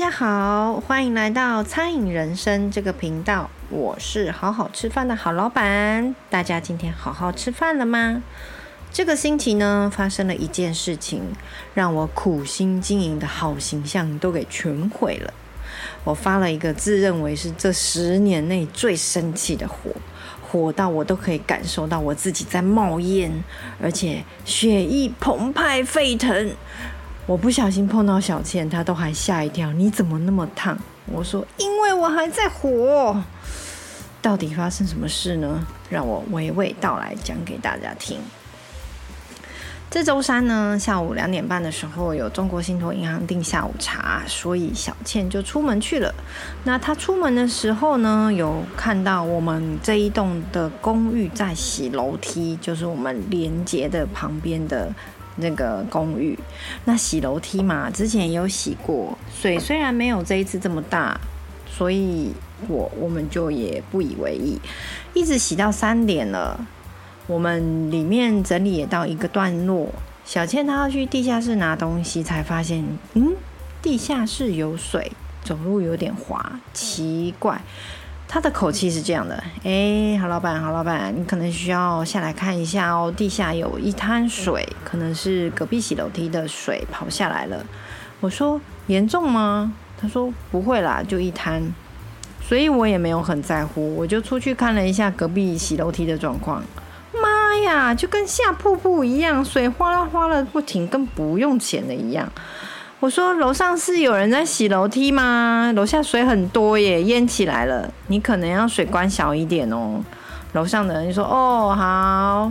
大家好，歡迎來到餐飲人生這個頻道，我是好好吃飯的好老闆。大家今天好好吃飯了嗎？這個星期呢，發生了一件事情，讓我苦心經營的好形象都給全毀了。我發了一個自認為是這十年內最生氣的火，火到我都可以感受到我自己在冒煙，而且血液澎湃沸騰。我不小心碰到小倩，她都還嚇一跳。你怎麼那麼燙？我說因為我還在火。到底發生什麼事呢？讓我娓娓道來講給大家聽。這周三呢，下午兩點半的時候有中國信託銀行訂下午茶，所以小倩就出門去了。那她出門的時候呢，有看到我們這一棟的公寓在洗樓梯，就是我們連接的旁邊的。那個公寓，那洗樓梯嘛，之前也有洗過，水雖然沒有這一次這麼大，所以我我們就也不以為意，一直洗到三點了，我們裡面整理也到一個段落，小倩她要去地下室拿東西，才發現，嗯，地下室有水，走路有點滑，奇怪。他的口氣是這樣的，哎，好老闆，好老闆，你可能需要下來看一下哦，地下有一灘水，可能是隔壁洗樓梯的水跑下來了。我說嚴重嗎？他說不會啦，就一灘，所以我也沒有很在乎，我就出去看了一下隔壁洗樓梯的狀況。媽呀，就跟下瀑布一樣，水嘩啦嘩啦不停，跟不用錢的一樣。我說樓上是有人在洗樓梯嗎？樓下水很多耶，淹起來了。你可能要水關小一點哦。樓上的人就說：“哦，好。”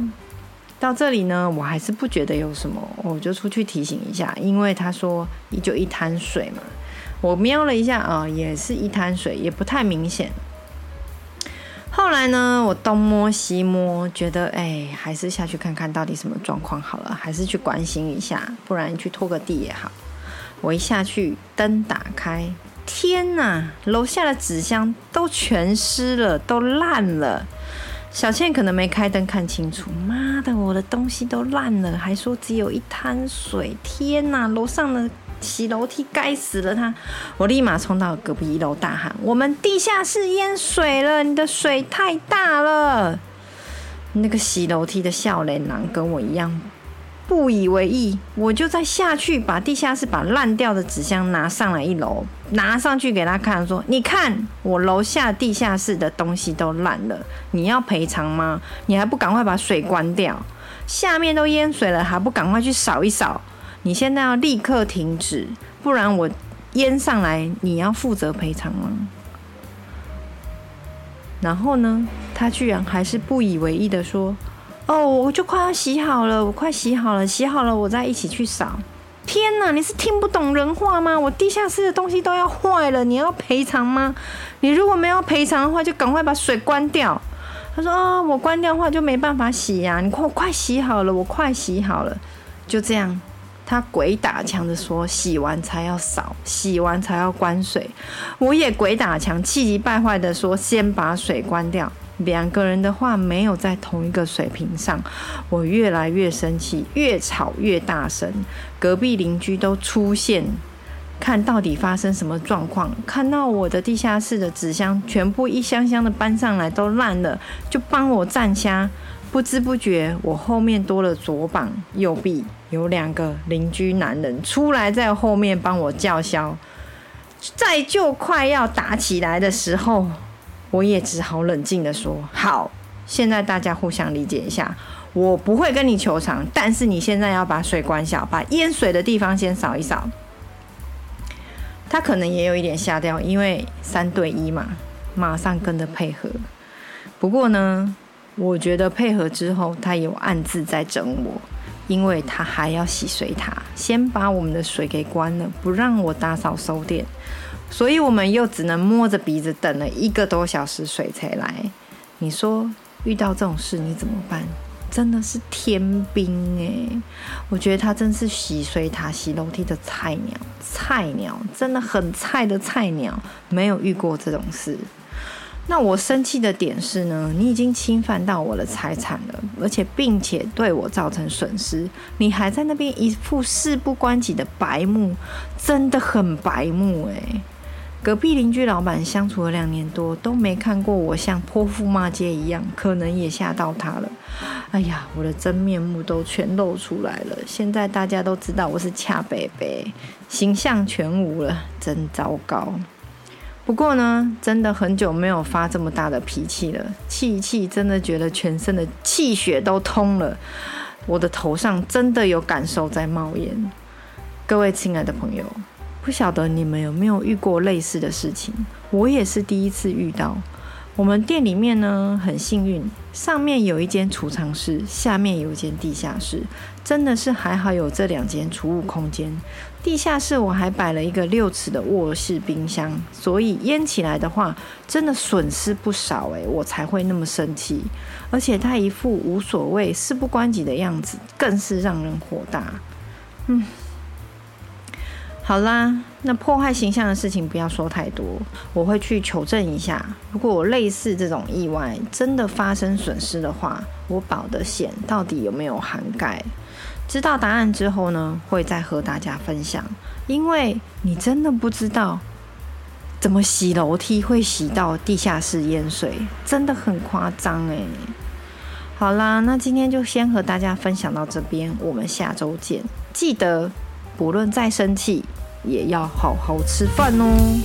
到這裡呢，我還是不覺得有什麼，哦、我就出去提醒一下，因為他說你就一灘水嘛。我瞄了一下啊、哦，也是一灘水，也不太明顯。後來呢，我東摸西摸，覺得哎，還是下去看看到底什麼狀況好了，還是去關心一下，不然去拖個地也好。我一下去，燈打開，天哪、啊！樓下的紙箱都全濕了，都爛了。小倩可能沒開燈看清楚，媽的，我的東西都爛了，還說只有一灘水！天哪、啊，樓上的洗樓梯，該死了！他，我立馬衝到隔壁一樓大喊：“我們地下室淹水了，你的水太大了！”那個洗樓梯的笑臉男跟我一樣。不以為意，我就再下去把地下室把爛掉的紙箱拿上來一樓，拿上去給他看，說：“你看，我樓下地下室的東西都爛了，你要賠償嗎？你還不趕快把水關掉，下面都淹水了，還不趕快去掃一掃？你現在要立刻停止，不然我淹上來，你要負責賠償嗎？”然後呢，他居然還是不以為意的說。哦，我就快要洗好了，我快洗好了，洗好了我再一起去掃。天哪，你是聽不懂人話嗎？我地下室的東西都要壞了，你要賠償嗎？你如果沒有賠償的話，就趕快把水關掉。他說啊，我關掉的話就沒辦法洗呀，你快快洗好了，我快洗好了。就這樣，他鬼打牆的說洗完才要掃，洗完才要關水。我也鬼打牆，氣急敗壞的說先把水關掉。兩個人的話沒有在同一個水平上，我越來越生氣，越吵越大聲，隔壁鄰居都出現，看到底發生什麼狀況，看到我的地下室的紙箱全部一箱箱的搬上來，都爛了，就幫我站下。不知不覺我後面多了左膀右臂，有兩個鄰居男人出來在後面幫我叫囂，在就快要打起來的時候。我也只好冷靜的說：“好，現在大家互相理解一下，我不會跟你求償，但是你現在要把水關小，把淹水的地方先掃一掃。”他可能也有一點嚇掉，因為三對一嘛，馬上跟着配合。不過呢，我覺得配合之後，他有暗自在整我，因為他還要洗水塔，先把我們的水給關了，不讓我打掃收店。所以我們又只能摸着鼻子等了一個多小時，水才來。你說遇到這種事你怎麼辦？真的是天兵欸！我覺得他真是洗水塔洗樓梯的菜鳥，菜鳥真的很菜的菜鳥，沒有遇過這種事。那我生氣的點是呢，你已經侵犯到我的財產了，而且並且對我造成損失，你還在那邊一副事不關己的白目，真的很白目誒。隔壁鄰居老闆相處了兩年多，都沒看過我像潑婦罵街一樣，可能也嚇到他了。哎呀，我的真面目都全露出來了，現在大家都知道我是恰北北，形象全無了，真糟糕。不過呢，真的很久沒有發這麼大的脾氣了，氣氣真的覺得全身的氣血都通了，我的頭上真的有感受在冒煙。各位親愛的朋友。不曉得你們有沒有遇過類似的事情？我也是第一次遇到。我們店裡面呢，很幸運，上面有一間儲藏室，下面有一間地下室，真的是還好有這兩間儲物空間。地下室我還擺了一個六尺的臥式冰箱，所以淹起來的話，真的損失不少誒、欸，我才會那麼生氣。而且他一副無所謂、事不關己的樣子，更是讓人火大。嗯。好啦，那破壞形象的事情不要說太多，我會去求證一下。如果我類似這種意外真的發生損失的話，我保的險到底有沒有涵蓋？知道答案之後呢，會再和大家分享。因為你真的不知道怎麼洗樓梯會洗到地下室淹水，真的很誇張欸。好啦，那今天就先和大家分享到這邊，我們下週見。記得，不論再生氣。也要好好吃飯哦。